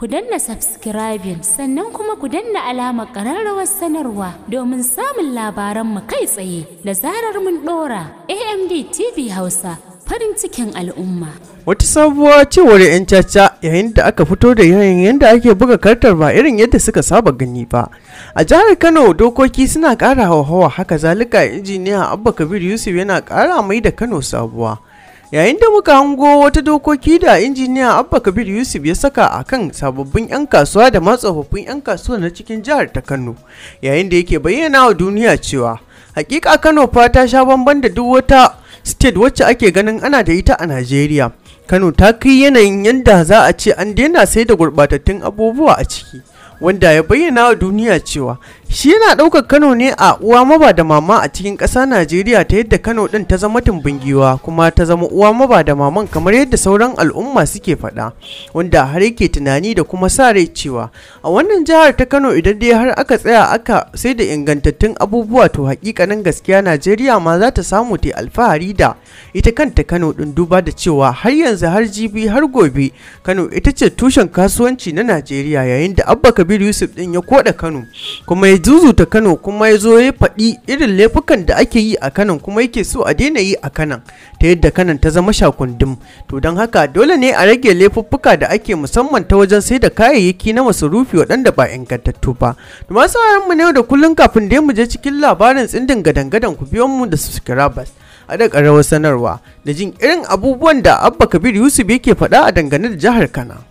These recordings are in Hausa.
ku danna subscribing sannan kuma ku danna alamar ƙararrawar sanarwa domin samun labaran mu kai tsaye da zarar mun ɗora amd tv hausa farin cikin al'umma wata sabuwa cewar 'yan caca yayin da aka fito da yayin yadda ake buga kartar ba irin yadda suka saba gani ba a jihar kano dokoki suna ƙara hauhawa haka zalika injiniya abba kabir yusuf yana ƙara mai da kano sabuwa yayin da muka hango wata dokoki da injiniya abba kabir yusuf ya saka a kan sababbin 'yan kasuwa da ma tsofaffin 'yan kasuwa na cikin jihar ta kano yayin da yake bayyana wa duniya cewa hakika kano fa ta sha bamban da duk wata state wacce ake ganin ana da ita a najeriya kano ta kai yanayin yadda za a ce an daina sai da gurbatattun abubuwa a ciki wanda ya bayyana wa duniya cewa shi yana ɗaukar kano ne a uwa maba da mama a cikin ƙasa najeriya ta yadda kano ɗin ta zama tumbin kuma ta zama uwa maba da maman kamar yadda sauran al'umma suke faɗa wanda har yake tunani da kuma sa rai cewa a wannan jihar ta kano idan dai har aka tsaya aka sai da ingantattun abubuwa to hakikanin gaskiya najeriya ma za ta samu ta alfahari da ita kanta kano ɗin duba da cewa har yanzu har jibi har gobe kano ita ce tushen kasuwanci na najeriya yayin da abba Kabiru yusuf din ya koda kano kuma ya zuzuta kano kuma ya zo ya faɗi irin laifukan da ake yi a kano kuma yake so a daina yi a kanan ta yadda kanan ta zama shakundum to don haka dole ne a rage laifuffuka da ake musamman ta wajen sai da kayayyaki na masarufi waɗanda ba ingantattu ba to masu mu ne da kullun kafin da mu je cikin labarin tsindin gadan-gadan ku biyo mu da subscribers a da ƙarawar sanarwa da jin irin abubuwan da abba kabir yusuf yake faɗa a dangane da jihar kano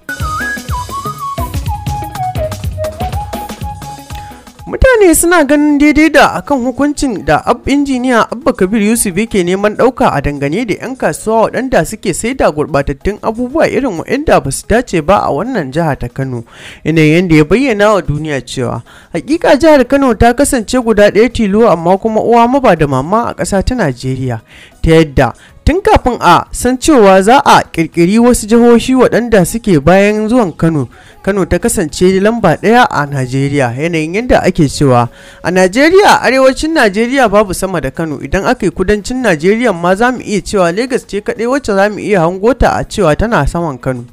ne suna ganin daidai da akan hukuncin da ab injiniya abba kabir yusuf yake neman dauka a dangane da 'yan kasuwa waɗanda suke sai da gurɓatattun abubuwa irin waɗanda ba su dace ba a wannan jiha ta kano yanayin yadda ya bayyana wa duniya cewa hakika jihar kano ta kasance guda ɗaya tilo amma kuma uwa maba da mama a ƙasa ta najeriya ta yadda tun kafin a san cewa za a kirkiri wasu jihohi waɗanda suke bayan zuwan kano kano ta kasance lamba ɗaya a najeriya yanayin yadda ake cewa a najeriya arewacin najeriya babu sama da kano idan aka yi kudancin najeriya ma za mu iya cewa Legas ce kaɗai wacce za mu iya hangota a cewa tana saman kano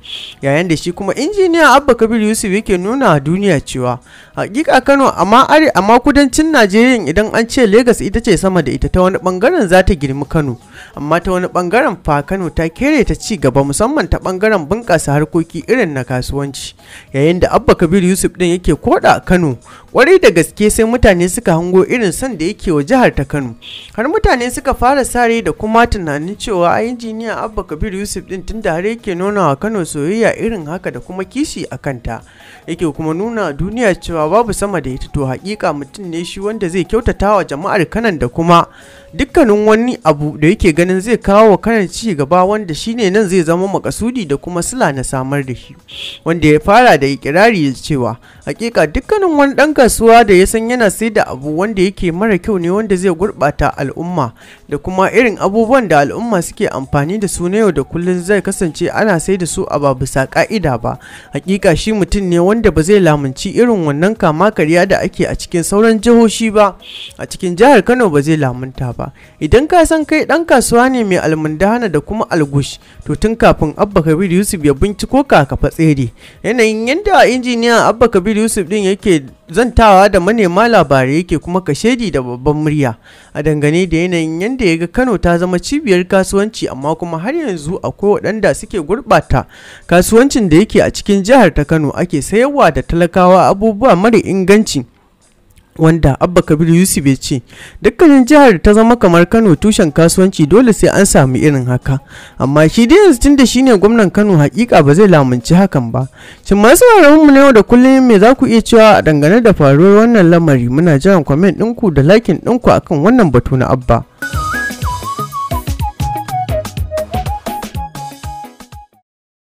yayin da shi kuma injiniya abba kabir yusuf yake nuna duniya cewa hakika kano amma kudancin najeriya idan an ce Legas ita ce sama da ita ta wani bangaren za ta girmi kano amma ta wani bangaren fa Kano ta kere ta ci gaba musamman ta bangaren bunƙasa harkoki irin na kasuwanci yayin da Abba Kabir Yusuf din yake koda Kano kwarai da gaske sai mutane suka hango irin son da yake wa jihar ta kano har mutane suka fara sare da kuma tunanin cewa a injiniya abba kabir yusuf din tunda har yake nuna wa kano soyayya irin haka da kuma kishi a kanta yake kuma nuna duniya cewa babu sama da ita to hakika mutum ne shi wanda zai kyautata wa jama'ar kanan da kuma dukkanin wani abu da yake ganin zai kawo wa kanan ci gaba wanda shine nan zai zama makasudi da kuma sula na samar da shi wanda ya fara da ikirari cewa hakika dukkanin wani ɗan kasuwa da ya san yana sai da abu wanda yake mara kyau ne wanda zai gurɓata al'umma da kuma irin abubuwan da al'umma suke amfani da su na yau da kullum zai kasance ana sai da su a ba bisa ka'ida ba hakika shi mutum ne wanda ba zai lamunci irin wannan kama karya da ake a cikin sauran jihohi ba a cikin jihar kano ba zai lamunta ba idan ka san kai dan kasuwa ne mai almundana da kuma algush to tun kafin abba kabir yusuf ya binciko ka ka fatsere yanayin yadda injiniya abba kabir yusuf din yake zantawa da manema labarai yake kuma kashedi da babban murya a dangane da yanayin yadda ya ga kano ta zama cibiyar kasuwanci amma kuma har yanzu akwai waɗanda suke gurɓata kasuwancin da yake a cikin jihar ta kano ake sayarwa da talakawa abubuwa mara inganci wanda abba kabiru yusuf ya ce dukkanin jihar ta zama kamar kano tushen kasuwanci dole sai an samu irin haka amma shi dai yanzu tunda ne gwamnan kano hakika ba zai lamunci hakan ba shin masu mu na yau da kullum me za ku iya cewa a dangane da faruwar wannan lamari muna jiran kwamen ɗinku da lakin ɗinku akan wannan batu na abba.